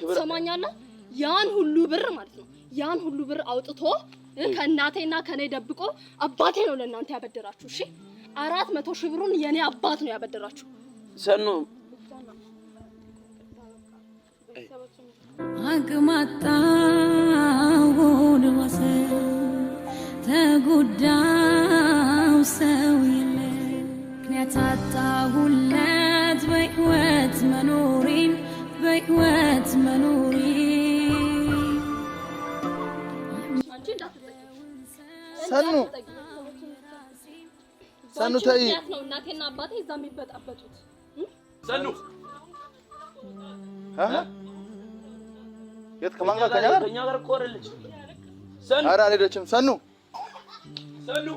ትሰማኛለህ? ያን ሁሉ ብር ማለት ነው ያን ሁሉ ብር አውጥቶ ከእናቴና ከኔ ደብቆ አባቴ ነው ለእናንተ ያበደራችሁ። እሺ አራት መቶ ሺህ ብሩን የኔ አባት ነው ያበደራችሁ። ሰኑ አግማጣውን ወሰን ተጎዳው ሰው የለ ምክንያት አጣሁለት በህይወት መኖሬን ህይወት መኖሪ ሰኑ ሰኑ ተይ ነው እናቴና አባቴ እዛ የሚበጣበጡት ሰኑ የት ከማን ጋር ከኛ ጋር ከኛ ጋር እኮ አይደለች ሰኑ ኧረ አልሄደችም ሰኑ ሰኑ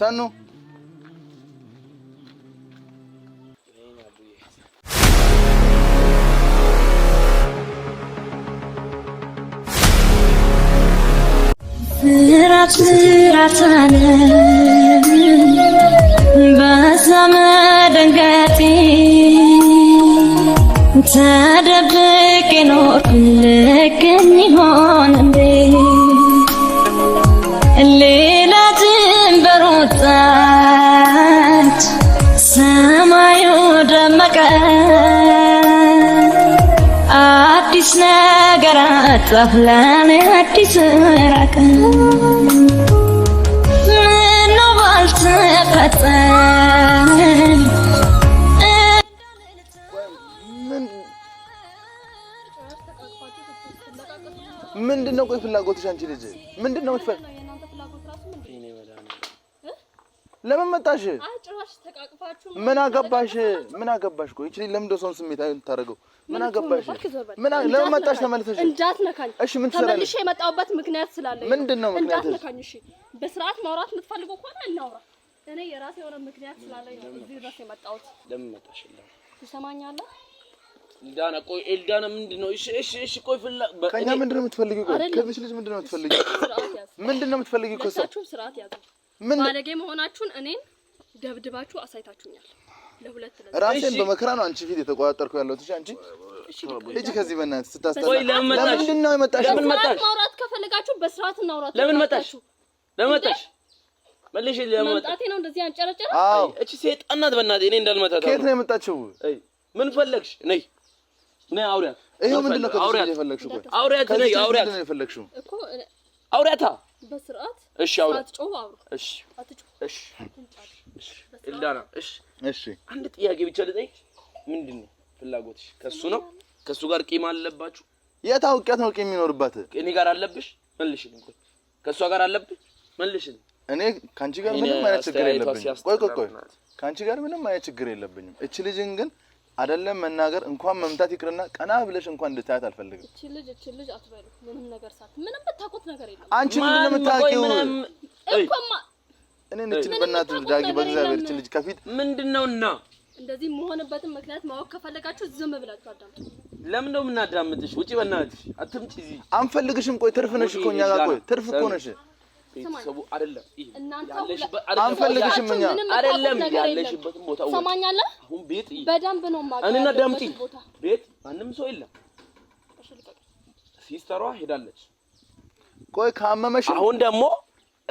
ሰኑ ፍራታለ በዛ ተደብቄ ኖርኩ አዲስ ነገር አትጻፍ ለኔ አዲስ ራቀ ምነው ባልተፈጠረ ምንድን ነው ቆይ ፍላጎትሽ አንቺ ልጅ ምንድን ነው ለምን መጣሽ? ምን አገባሽ? ምን አገባሽ? ቆይ እቺ ለምን ሰውን ስሜት የምታደርገው? ምን አገባሽ? ምን ለምን መጣሽ? ተመልሰሽ እንዳትነካኝ። እሺ ምን ትሰራለሽ? ተመልሼ የመጣሁበት ምክንያት ስላለኝ ምንድነው? ምክንያት እንዳትነካኝ። እሺ በስርዓት ማውራት የምትፈልገው ከሆነ እናውራ። እኔ የራሴ የሆነ ምክንያት ስላለኝ ነው እዚህ ድረስ የመጣሁት። ለምን መጣሽ? ትሰማኛለህ? ኤልዳና ቆይ ኤልዳና ምንድን ነው? እሺ እሺ እሺ ቆይ ፍላ ከእኛ ምንድን ነው የምትፈልጊው? ከዚህ ልጅ ምንድን ነው የምትፈልጊው? ምንድን ነው የምትፈልጊው? ከሰው ስርዓት ያዘ ምን ባለጌ መሆናችሁን እኔን ደብድባችሁ አሳይታችሁኛል። ለሁለት ራሴን በመከራ ነው አንቺ ፊት የተቆጣጠርኩ ያለሁት። እሺ አንቺ ልጅ ከዚህ በእናትህ ስታስተላ ለምንድን ነው የመጣሽ? ለምን መጣሽ? ማውራት ከፈለጋችሁ በስርዓት እናውራት። ለምን መጣሽ? ለምን መጣሽ? መልሽ። ለምን ነው እንደዚህ አንጨረጨረ? አዎ እቺ ሰይጣን ናት። በእናትህ እኔ እንዳልመጣ ከየት ነው የመጣችው? ምን ፈለግሽ? ነይ ነይ፣ አውሪያት። ይሄው ምንድን ነው ከዚህ የፈለግሽው? አውሪያት ነይ፣ አውሪያት እኮ አውሪያታ አንድ ጥያቄ ብቻ ልጠይቅ። ምንድን ነው ፍላጎትሽ? ከሱ ነው? ከሱ ጋር ቂም አለባችሁ? የታውቂያት ነው ቂም የሚኖርባት? እኔ ጋር አለብሽ? መልሽልኝ። ቆይ ጋር አለብሽ? መልሽልኝ። እኔ ጋር ምንም አይነት ችግር የለብኝም። ቆይ ቆይ ቆይ፣ ጋር ምንም አይነት ችግር የለብኝም። እቺ ልጅን ግን አይደለም መናገር እንኳን መምታት ይቅርና ቀና ብለሽ እንኳን እንድታያት አልፈልግም። እቺ ልጅ እቺ ልጅ አትበሉ ምንም ነገር ሳት ምንም የምታውቁት ነገር የለም። አንቺ ምንም የምታውቂው እንኳን እኔ እቺ በእናት ዳጊ በእግዚአብሔር እቺ ልጅ ከፊት ምንድነውና እንደዚህ መሆንበትን ምክንያት ማወቅ ከፈለጋችሁ ዝም ብላችሁ አዳምጡ። ለምን ነው የምናዳምጥሽ? ውጪ በእናትሽ አትምጪ። እዚህ አንፈልግሽም። ቆይ ትርፍ ነሽ እኮ እኛ ጋር ቆይ ትርፍ እኮ ነሽ። ቤተሰቡ አይደለም አንፈልግሽም። እኛ አይደለም ያለሽበትን ቦታ ሰማኛለህ አሁን ቤት በደንብ ነው ማቀረብ እኔና ደምቲ ቤት ማንም ሰው የለም። ሲስተሯ ሄዳለች። ቆይ ካመመሽ አሁን ደግሞ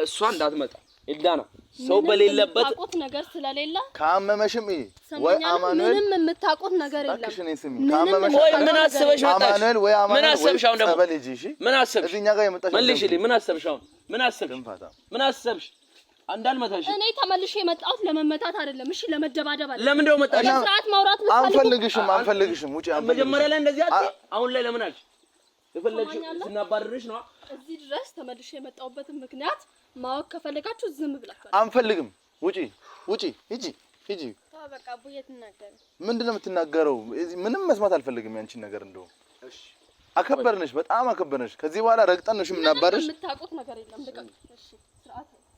እሷ እንዳትመጣ ኤልዳና ሰው በሌለበት የምታውቁት ነገር ስለሌለ ካመመሽም ወይ አማኑኤል ምንም የምታውቁት ነገር የለም። ካመመሽ ወይ ምን አስበሽ መጣሽ? አማኑኤል ወይ አማኑኤል ምን አስበሽ? አሁን ደግሞ ምን አስበሽ? እዚህኛ ጋር የመጣሽ ምን ልሽልኝ? ምን አስበሽ? አሁን ምን አስበሽ? ምን አስበሽ? እንዳልመታሽ እኔ ተመልሼ የመጣሁት ለመመታት አይደለም። እሺ ለመደባደብ አይደለም። ለምን እንደው መጣሽ? ስርዓት ማውራት አንፈልግሽም፣ አንፈልግሽም። ውጪ አንፈልግሽም። መጀመሪያ ላይ እንደዚህ አትይ። አሁን ላይ ለምን አልሽ? የፈለግሽ ስናባረርሽ ነው። እዚህ ድረስ ተመልሼ የመጣሁበትን ምክንያት ማወቅ ከፈለጋችሁ ዝም ብላችሁ አንፈልግም። ውጪ፣ ውጪ፣ ሂጂ፣ ሂጂ። በቃ አቡዬ ትናገር። ምንድን ነው የምትናገረው? ምንም መስማት አልፈልግም ያንቺን ነገር። እንደውም እሺ አከበርንሽ፣ በጣም አከበርንሽ። ከዚህ በኋላ ረግጠንሽ የምናባርሽ የምታውቁት ነገር የለም። ልቀቅ። እሺ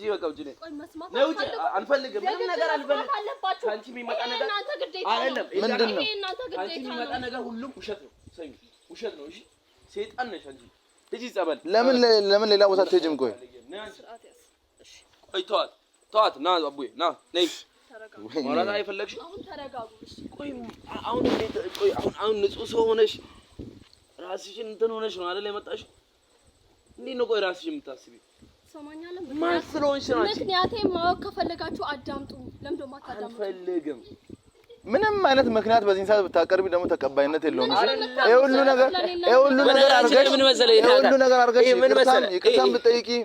ጂ በቃ ውጪ ነኝ። ቆይ አንፈልግም። ምንም ነገር አልፈልግም። ካንቺ የሚመጣ ነገር አይደለም። ምንድን ነው ካንቺ የሚመጣ ነገር ሁሉም ውሸት ነው። ሰሚ ውሸት ነው። እሺ ሰይጣን ነሽ አንቺ። ልጅ ይጸበል። ለምን ለምን ሌላ ቦታ አትሄጂም? ቆይ ቆይ ተዋት ተዋት። ና አቡዬ ና ነይ። ማውራት አይፈለግሽም። አሁን ተረጋጉ። ቆይ አሁን እንዴት? አሁን ንጹህ ሰው ሆነሽ ራስሽን እንትን ሆነሽ ነው አይደል የመጣሽው? እንዴት ነው ቆይ ራስሽን የምታስቢው? ትሰማኛለህ? ማን ስለሆንሽ ነው? ማወቅ ከፈለጋችሁ አዳምጡ። ለምን ደግሞ አታዳምጡ? አልፈልግም። ምንም አይነት ምክንያት በዚህ ሰዓት ብታቀርቢ ደግሞ ተቀባይነት የለውም። የሁሉ ነገር የሁሉ ነገር አርገሽ ምን መሰለኝ፣ የሁሉ ነገር ይቅርታም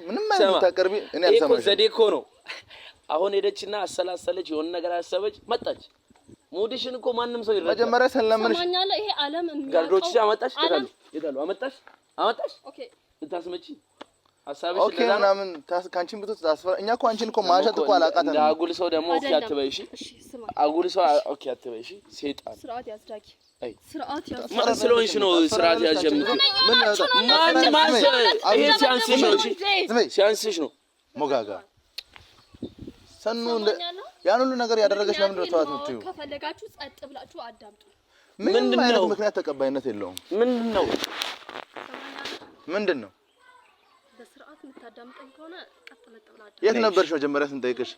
ምንም አይነት ብታቀርቢ እኔ አልሰማሽም። ዘዴ እኮ ነው። አሁን ሄደችና አሰላሰለች፣ የሆነ ነገር አሰበች፣ መጣች። ሙድሽን እኮ ማንም ሰው ይረዳል። መጀመሪያ ሰለምንሽ ይሄ ዓለም ጋርዶችሽ አመጣሽ፣ አመጣሽ፣ አመጣሽ ልታስመጪ ኦኬ ምናምን ከአንቺን ታስፈራ። እኛ እኮ አንቺን እኮ ማሸት እኮ አላውቃትም። እንደ አጉል ሰው ደግሞ ኦኬ አትበይ፣ እሺ አጉል ሰው ኦኬ አትበይ፣ እሺ ሴጣን ስርዓት ያዝዳኪ ስለሆንሽ ነው ስርዓት ያዝሽ ሲያንስሽ ነው ሞጋጋ ሰኑ ያን ሁሉ ነገር ያደረገች ለምንድን ነው ተዋት ከፈለጋችሁ ጸጥ ብላችሁ አዳምጡ። ምንም ነው ምክንያት ተቀባይነት የለውም። ምንድን ነው ምንድን ነው የምታዳምጠኝ ከሆነ ቀጥ መጥ ብላ አዳምጥ። የት ነበርሽ መጀመሪያ ስንጠይቅሽ?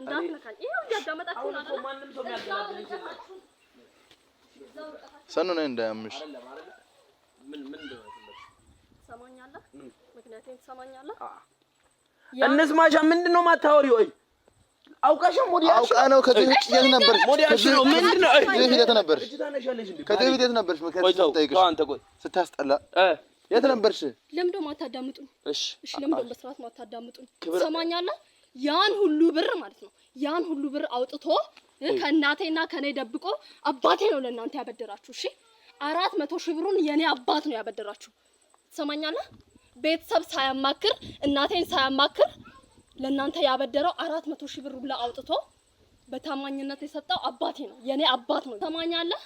እንዳትነካኝ። ይኸው ነው ሰኑ ነኝ እንዳያምሽ። እንስማሻ። ምንድን ነው የማታወሪው? ወይ ነው። ከዚህ ውጭ የት ነበርሽ? ከዚህ ፊት የት ነበርሽ? ስታስጠላ የት ነበርሽ? ለምዶ ማታዳምጡ? እሺ እሺ፣ ለምዶ በስርዓት ማታዳምጡ? ሰማኛለ። ያን ሁሉ ብር ማለት ነው ያን ሁሉ ብር አውጥቶ ከእናቴና ከኔ ደብቆ አባቴ ነው ለእናንተ ያበደራችሁ። እሺ አራት መቶ ሺህ ብሩን የኔ አባት ነው ያበደራችሁ። ትሰማኛለህ? ቤተሰብ ሳያማክር እናቴን ሳያማክር ለእናንተ ያበደረው አራት መቶ ሺህ ብር ብላ አውጥቶ በታማኝነት የሰጠው አባቴ ነው የኔ አባት ነው። ትሰማኛለህ?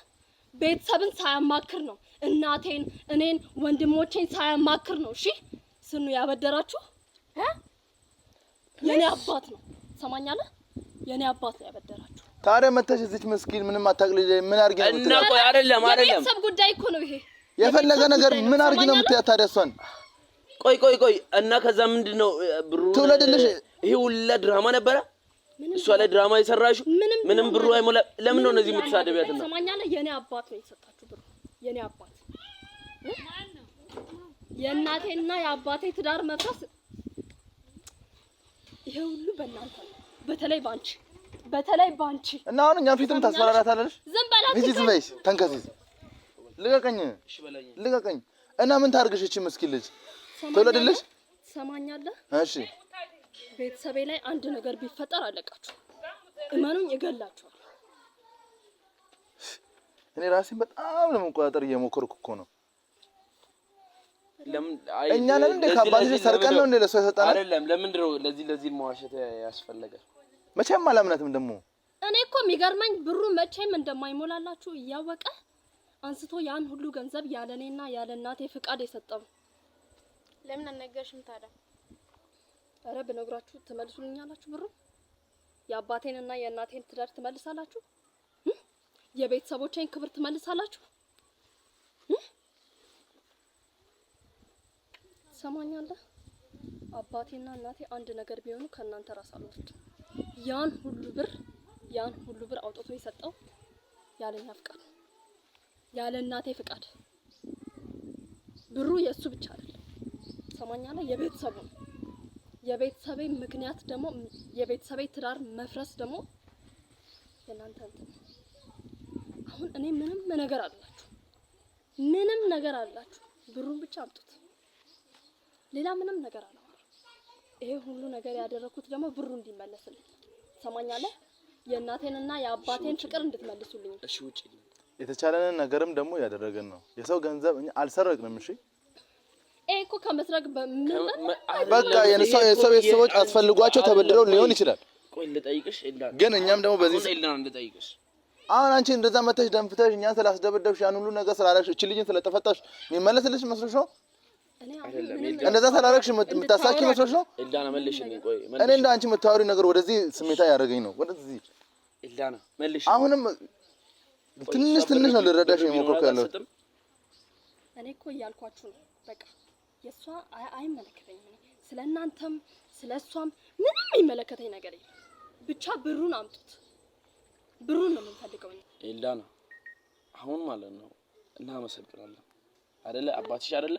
ቤተሰብን ሳያማክር ነው። እናቴን፣ እኔን፣ ወንድሞቼን ሳያማክር ነው። እሺ ስኑ ያበደራችሁ የኔ አባት ነው። ሰማኛለህ? የኔ አባት ነው ያበደራችሁ። ታዲያ መተሽ እዚች ምስኪን ምንም አታቅልል። ምን አርጊ ነው እና ቆይ፣ አይደለም አይደለም፣ የቤተሰብ ጉዳይ እኮ ነው ይሄ። የፈለገ ነገር ምን አርጊ ነው የምትያት ታዲያ እሷን? ቆይ ቆይ ቆይ፣ እና ከዛ ምንድነው ብሩ ትውለድልሽ? ይሄ ሁላ ድራማ ነበረ እሷ ላይ ድራማ የሰራሽ ምንም ብሩ አይሞላ። ለምን ነው እነዚህ የምትሳደቢያት? እና ሰማኛለህ፣ የኔ አባት ነው የሰጣችሁ ብሩ። የኔ አባት የእናቴና የአባቴ ትዳር መፍረስ ይሄ ሁሉ በእናንተ ነው፣ በተለይ ባንቺ በተለይ ባንቺ እና አሁን እኛን ፊትም ታስፈራራታለሽ። ዝም በላት እንጂ ዝም በይሽ። ተንከሲስ ልቀቀኝ፣ ልቀቀኝ። እና ምን ታርግሽ? እቺ ምስኪን ልጅ ትወለድልሽ። ሰማኛለህ? እሺ ቤተሰቤ ላይ አንድ ነገር ቢፈጠር አለቃችሁ እመኑኝ፣ እገላችኋል። እኔ ራሴን በጣም ለመቆጣጠር እየሞከርኩ እኮ ነው። እኛ ነን እንደ ከአባትሽ ሰርቀን ነው እንደ ለእሷ የሰጠነው አይደለም። ለምንድን ነው ለዚህ ለዚህ መዋሸት ያስፈለገ? መቼም አላምናትም። ደግሞ እኔ እኮ የሚገርመኝ ብሩ መቼም እንደማይሞላላችሁ እያወቀ አንስቶ ያን ሁሉ ገንዘብ ያለ እኔና ያለ እናቴ ፍቃድ የሰጠው ለምን አልነገርሽም ታዲያ? እረ ብነግራችሁ ትመልሱልኛላችሁ? ብሩ የአባቴን የእናቴን ትዳር ትመልሳላችሁ? የቤተሰቦቼን ክብር ትመልሳላችሁ? ሰማኛለህ። አባቴና እናቴ አንድ ነገር ቢሆኑ ከእናንተ ራስ ያን ሁሉ ብር ያን ሁሉ ብር አውጥቶ የሰጠው ያለኛ ፍቃድ፣ ያለ እናቴ ፍቃድ። ብሩ የእሱ ብቻ አይደለም። ሰማኛለህ የቤተሰቡ ነው የቤተሰቤ ምክንያት ደግሞ የቤተሰቤ ትዳር መፍረስ ደግሞ የእናንተ እንትን አሁን እኔ ምንም ነገር አላችሁ ምንም ነገር አላችሁ ብሩን ብቻ አምጡት ሌላ ምንም ነገር አላወራም ይሄ ሁሉ ነገር ያደረኩት ደግሞ ብሩ እንዲመለስልኝ ትሰማኛለህ የእናቴንና የአባቴን ፍቅር እንድትመልሱልኝ እሺ ውጪ የተቻለንን ነገርም ደግሞ ያደረገን ነው የሰው ገንዘብ እኛ አልሰረቅንም እሺ እኮ ከምስራቅ በቃ የሰው ቤተሰቦች አስፈልጓቸው ተበድረው ሊሆን ይችላል። ግን እኛም ደግሞ በዚህ አሁን አንቺ እንደዛ መተሽ ደንፍተሽ እኛን ስላስደበደብሽ ያን ሁሉ ነገር ስላላሽ እቺ ልጅን ስለተፈታሽ የሚመለስልሽ መስሎሽ ነው? እንደዛ ስላላክሽ የምታሳኪ መስሎሽ ነው? እኔ እንደ አንቺ የምታወሪ ነገር ወደዚህ ስሜታ ያደረገኝ ነው። ወደዚህ አሁንም ትንሽ ትንሽ ነው ልረዳሽ የሞከርኩ ያለሁት። እኔ እኮ እያልኳችሁ ነው በቃ የእሷ አይመለከተኝም። ስለ እናንተም ስለ እሷም ምንም የሚመለከተኝ ነገር የለም። ብቻ ብሩን አምጡት፣ ብሩን ነው የምንፈልገው። ነው አሁን ማለት ነው እናመሰግናለን። አደለ አባትሽ አደለ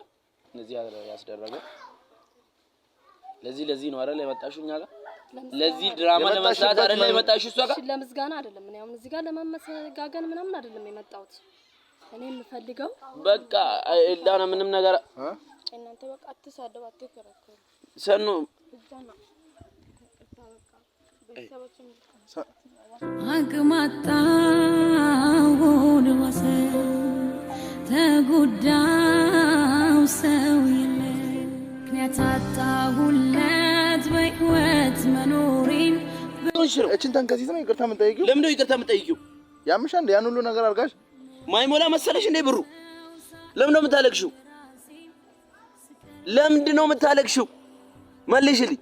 እነዚህ ያስደረገ ለዚህ ለዚህ ነው አደለ የመጣሽው እኛ ጋር ለዚህ ድራማ ለመስራት አይደለ የመጣሽው እሷ ጋር ለምዝጋና አይደለም። እኔ አሁን እዚህ ጋር ለመመሰጋገን ምናምን አይደለም የመጣሁት። እኔ የምፈልገው በቃ ኤልዳና ምንም ነገር እናንተ በቃ አትሳደቡ፣ አትከራከሩ። ሰኑ ተጎዳው ሰው የለ ምክንያት አጣሁለት በህይወት መኖሬን እችን ተንከሲት ነው ይቅርታ የምጠይቂው። ይቅርታ የምጠይቂው? ያምሻ እንደ ያን ሁሉ ነገር አድርጋሽ ማይሞላ መሰለሽ እንዴ? ብሩ የምታለቅሽው? ለምንድን ነው የምታለቅሽው? መልሽልኝ።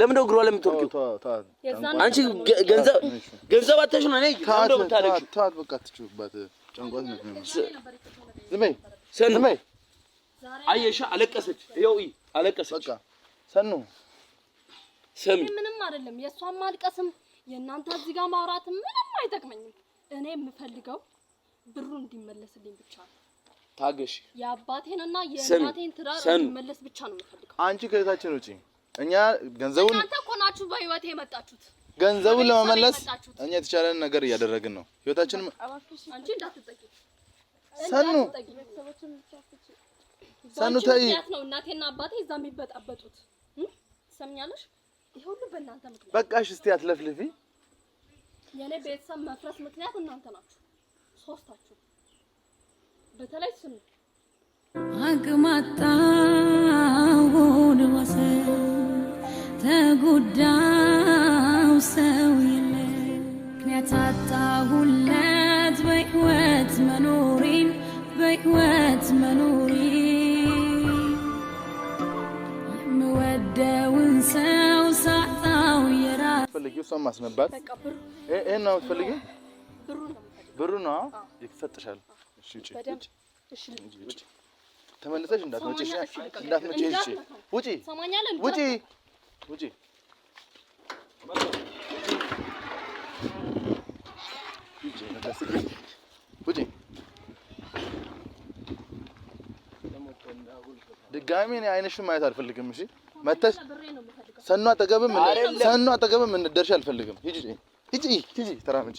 ለምን ነው እግሯ ለምትወርቂው? አንቺ ገንዘብ ገንዘብ አተሽ ነው ነኝ ነው የምታለቅሽው? ታት በቃ ትችሁባት ጨንቋት ነው ዝም ሰኑ አየሻ፣ አለቀሰች። ይኸው አለቀሰች። በቃ ሰኑ ሰሚ፣ ምንም አይደለም። የእሷም ማልቀስም የእናንተ እዚህ ጋር ማውራት ምንም አይጠቅመኝም። እኔ የምፈልገው ብሩ እንዲመለስልኝ ብቻ ነው። ታገሽ የአባቴንና የእናቴን ትዳር መለስ ብቻ ነው የምፈልገው። አንቺ ከህይወታችን ውጪ እኛ ገንዘቡን እናንተ እኮ ናችሁ በህይወቴ የመጣችሁት። ገንዘቡን ለመመለስ እኛ የተቻለን ነገር እያደረግን ነው። ህይወታችን አንቺ እንዳትጠቂ ሰኑ ሰኑ ተይ ነው እናቴና አባቴ እዛ የሚበጣበጡት ሰምኛለሽ። ይሄ ሁሉ በእናንተ ምክንያት። በቃሽ፣ እስቲ አትለፍልፊ። የኔ ቤተሰብ መፍረስ ምክንያት እናንተ ናችሁ ሶስታችሁ በተለይ ስም አግማጣውን ወሰን ተጎዳው ሰው የለ ምክንያት አጣሁለት በሕይወት መኖሬን በሕይወት መኖሬ የምወደውን ሰው ሳጣው የራ ፈልጊው እሷን ማስነባት ይሄን ነው የምትፈልጊው? ብሩ ነው ይፈጥሻል ተመልሰሽ እንዳትመጪ እንዳትመጪ። ውጪ ውጪ ውጪ። ድጋሚ እኔ አይንሽን ማየት አልፈልግም። እሺ መተሽ ሰኗ አጠገብም ሰኗ አጠገብም እንደርሽ አልፈልግም። ሂጂ ሂጂ ሂጂ ተራምጂ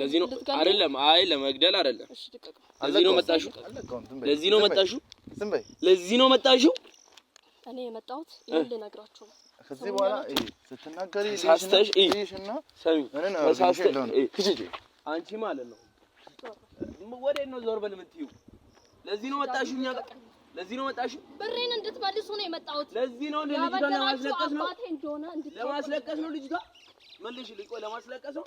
ለዚህ ነው አይደለም። አይ ለመግደል አይደለም። ለዚህ ነው መጣሹ? ለዚህ ነው መጣሽው። ለዚህ ነው መጣሹ? እኔ የመጣሁት ይሄን ልነግራችሁ ነው። ከዚህ በኋላ ስትናገሪ ሳስተሽ እሺና ሰሚ አንቺ ማለት ነው። ወዴት ነው ዞር በል የምትይው? ለዚህ ነው መጣሹ? እኛ ጋር ለዚህ ነው መጣሽው። ብሬን እንድትመልሱ ነው የመጣሁት። ለዚህ ነው ልጅቷን ለማስለቀስ ነው። ለማስለቀስ ነው ልጅቷ መልሽ። ልጅ ለማስለቀስ ነው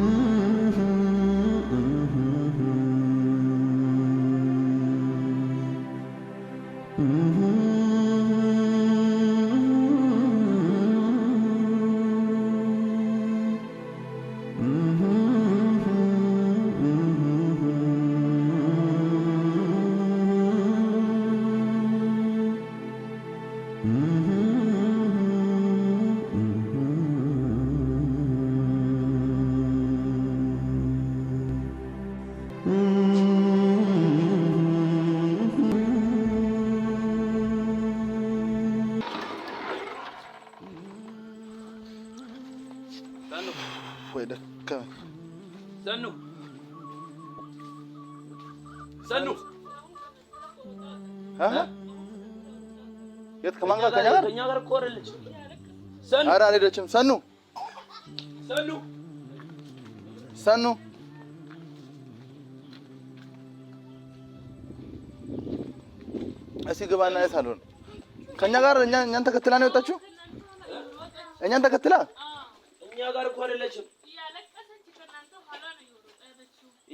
ከማን ጋር ከእኛ ጋር ከእኛ ጋር እኮ አይደለችም። ሰኑ ኧረ አልሄደችም። ሰኑ ሰኑ ሰኑ እስኪ ግባና ያሳሉን ከእኛ ጋር እኛ እኛን ተከትላ ነው የወጣችው። እኛን ተከትላ እኛ ጋር እኮ አይደለችም።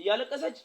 እያለቀሰች